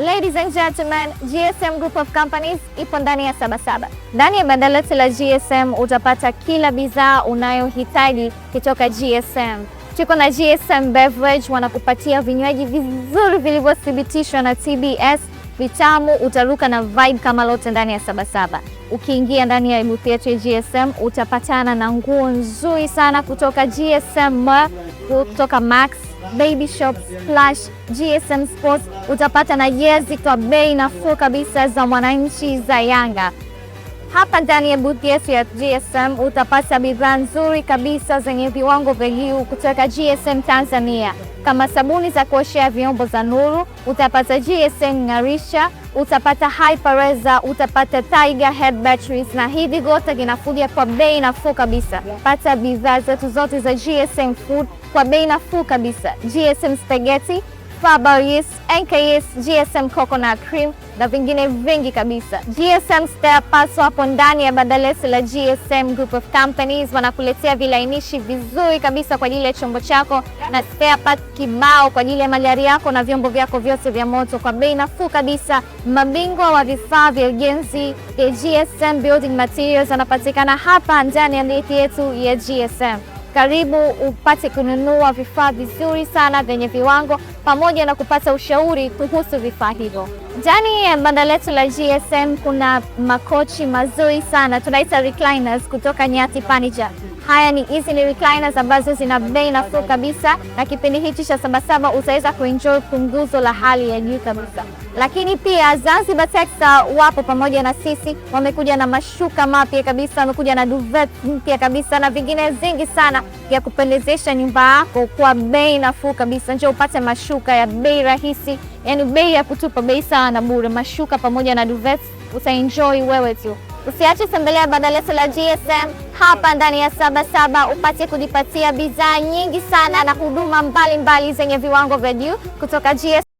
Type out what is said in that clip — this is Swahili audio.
Ladies and gentlemen, GSM Group of Companies ipo ndani ya Sabasaba. Ndani ya banda letu la GSM utapata kila bidhaa unayohitaji kutoka GSM. Tuko na GSM Beverage, wanakupatia vinywaji vizuri vilivyothibitishwa na TBS, vitamu, utaruka na vibe kama lote ndani ya Sabasaba. Ukiingia ndani ya booth yetu ya GSM utapatana na nguo nzuri sana kutoka GSM, kutoka Max baby shop slash GSM Sports utapata na jezi kwa bei nafuu kabisa za mwananchi za Yanga. Hapa ndani ya booth yetu ya GSM utapata bidhaa nzuri kabisa zenye viwango vya juu kutoka GSM Tanzania, kama sabuni za kuoshea vyombo za Nuru, utapata GSM Ng'arisha, utapata Hypereza, utapata Tiger Head Batteries, na hivi vyote vinakuja kwa bei nafuu kabisa. Pata bidhaa zetu zote za GSM Food kwa bei nafuu kabisa: GSM Spaghetti, Fabaris, NKS, GSM Coconut Cream na vingine vingi kabisa. GSM Spare Parts wapo ndani ya badalesi la GSM Group of Companies, wanakuletea vilainishi vizuri kabisa kwa ajili ya chombo chako na spare parts kibao kwa ajili ya magari yako na vyombo vyako vyote vya moto kwa bei nafuu kabisa. Mabingwa wa vifaa vya ujenzi ya GSM Building Materials anapatikana hapa ndani ya miti yetu ya GSM. Karibu upate kununua vifaa vizuri sana vyenye viwango pamoja na kupata ushauri kuhusu vifaa hivyo. Ndani ya banda letu la GSM kuna makochi mazuri sana tunaita recliners kutoka Nyati Furniture. Haya ni hizi ni recliners ambazo zina bei nafuu kabisa, na kipindi hichi cha Sabasaba utaweza kuenjoy punguzo la hali ya juu kabisa. Lakini pia Zanzibar Texta wapo pamoja na sisi, wamekuja na mashuka mapya kabisa, wamekuja na duvet mpya kabisa na vingine zingi sana ya kupendezesha nyumba yako kwa bei nafuu kabisa. Njoo upate mashuka ya bei rahisi, yani bei ya kutupa, bei sana na bure, mashuka pamoja na duvet, utaenjoy wewe tu. Usiache tembelea Banda letu la GSM hapa ndani ya Sabasaba upate kujipatia bidhaa nyingi sana na huduma mbalimbali zenye viwango vya juu kutoka GS